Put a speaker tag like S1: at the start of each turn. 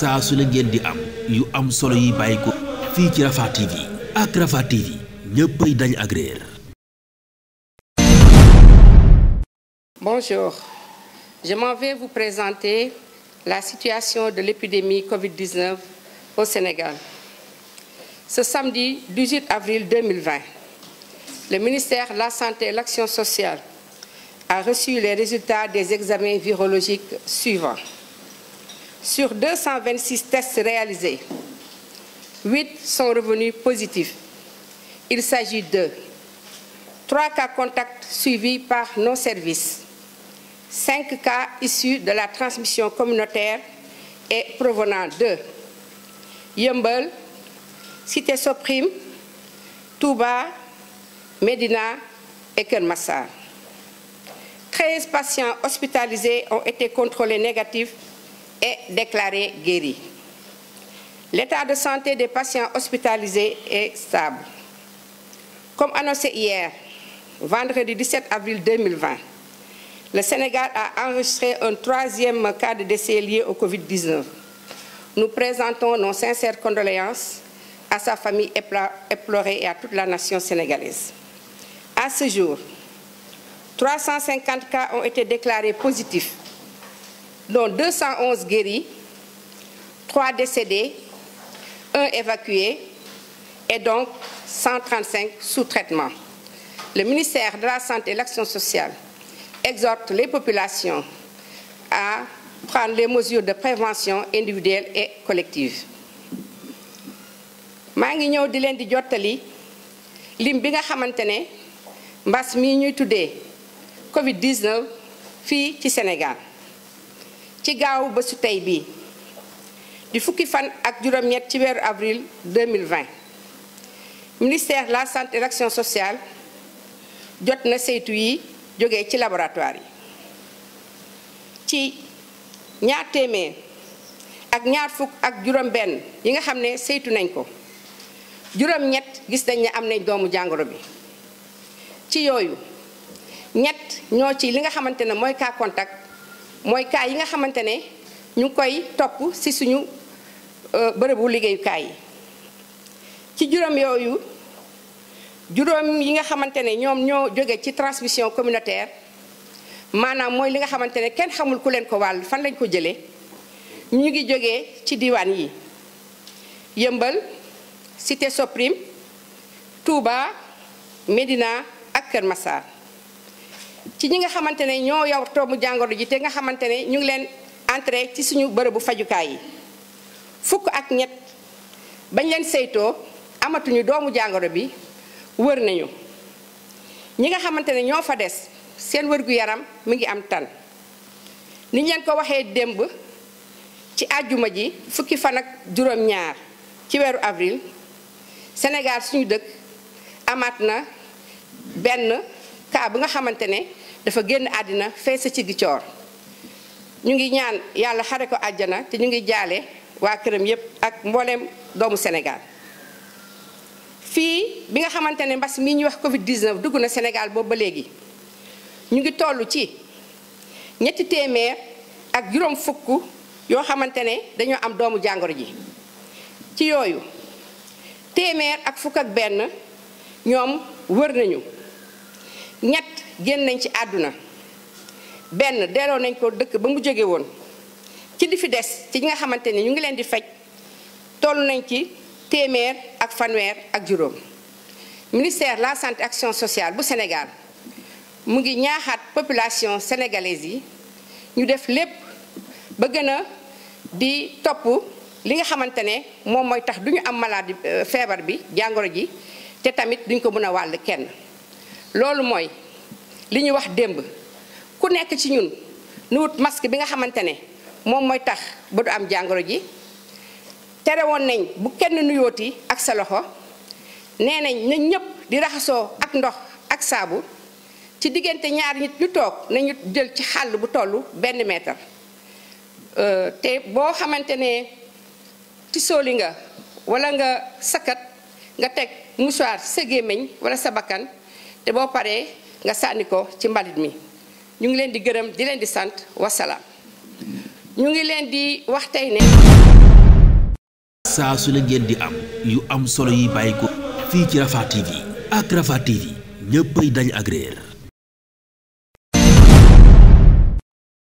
S1: saa su ne ngeen di am yu am solo yi bàyyi ko fii ci Rafah TV ak Rafah TV ñëppay dañ ak réer. Bonjour, je m'en vais vous présenter la situation de l'épidémie Covid-19 au Sénégal. Ce samedi avril le ministère la Santé et l'Action sociale a reçu les résultats des examens virologiques suivants. sur 226 tests réalisés, 8 sont revenus positifs. Il s'agit de 3 cas contacts suivis par nos services, 5 cas issus de la transmission communautaire et provenant de Yeumbeul, Cité Soprim, Touba, Médina et Keur Massar. 13 patients hospitalisés ont négatifs est déclaré guéri. L'état de santé des patients hospitalisés est stable. Comme annoncé hier, vendredi 17 avril 2020, le Sénégal a enregistré un troisième cas de décès lié au Covid-19. Nous présentons nos sincères condoléances à sa famille éplorée à toute la nation sénégalaise. À ce jour, 350 cas ont été déclarés positifs dont 211 guéris, 3 décédés, 1 évacué et donc 135 sous traitement. Le ministère de la Santé et l'Action sociale exhorte les populations à prendre les mesures de prévention individuelle et collective. maa ngi ñëw di leen di jottali lim bi nga xamante ne mbas mii ñuy tuddee Covid 19 fii ci Sénégal. ci gaaw bësu tey bii di fukki fan ak juróom-ñett ci weeru avril 2020 ministère la santé et l'action sociale jot na saytu yi jógee ci laboratoire yi ci ñaar téeméer ak ñaar fukk ak juróom-benn yi nga xam ne saytu nañ ko juróom-ñett gis nañ ne am nañ doomu jàngoro bi ci yooyu ñett ñoo ci li nga xamante ne mooy cas contact. mooy cas yi nga xamante ne ñu ngi koy topp ci suñu euh, bërëbu liggéeyukaay yi ci juróom yooyu juróom yi nga xamante ne ñoom ñoo jóge ci transmission communautaire maanaam mooy li nga xamante ne kenn xamul ku leen ko wàll fan lañ ko jëlee ñu ngi jóge ci diwaan yi yëmbal Cité Soprim Touba Médina ak Kër Massar ci ñi nga xamante ne ñoo yor toomu jàngoro ji te nga xamante ne ñu ngi leen entré ci suñu bërëbu fajukaay yi fukk ak ñett bañ leen saytoo amatuñu doomu jàngoro bi wër nañu ñi nga xamante ne ñoo fa des seen wër-gu-yaram mi ngi am tan niñ leen ko waxee démb ci àjjuma ji fukki fan ak juróom-ñaar ci weeru avril Sénégal suñu dëkk amaat na benn cas bu nga xamante ne dafa génn àddina fee sa ci Ziguinchor ñu ngi ñaan yàlla xare ko àjjana te ñu ngi jaale waa këram yépp ak mbooleem doomu Sénégal fii bi nga xamante ne mbas mii ñuy wax Covid 19 dugg na Sénégal boobu ba léegi ñu ngi toll ci ñetti téeméer ak juróom fukk yoo xamante ne dañoo am doomu jàngoro ji ci yooyu téeméer ak fukk ak benn ñoom wër nañu ñett. génn nañ ci àdduna benn delloo nañ ko dëkk ba mu jóge woon ci li fi des ci ñi nga xamante ni ñu ngi leen di faj toll nañ ci téeméer ak fanweer ak juróom ministère la santé action sociale bu Sénégal mu ngi ñaaxaat population sénégalaise yi ñu def lépp ba gën a di topp li nga xamante ne moom mooy tax du ñu am maladie euh, feebar bi jàngoro ji te tamit duñ ko mën a wàll kenn loolu mooy li ñuy wax démb ku nekk ci ñun nu wut masque bi nga xamante ne moom mooy tax ba du am jàngoro ji tere woon nañ bu kenn nuyooti ak sa loxo nee nañ na ñëpp di raxasoo ak ndox ak saabu ci diggante ñaar nit ñu toog nañu jël ci xàll bu toll benn mètre euh, te boo xamante ne tisooli nga wala nga sakkat nga teg mouchoir sa gémmiñ wala sa bakkan te boo paree nga sànni ko ci mbalit mi ñu ngi leen di gërëm di leen di sant wasalaam ñu ngi leen di wax tey ne. saa su la di am yu am solo yuy bàyyi ko fii ci Rafah TV ak Rafah TV ñëppay dañ agréer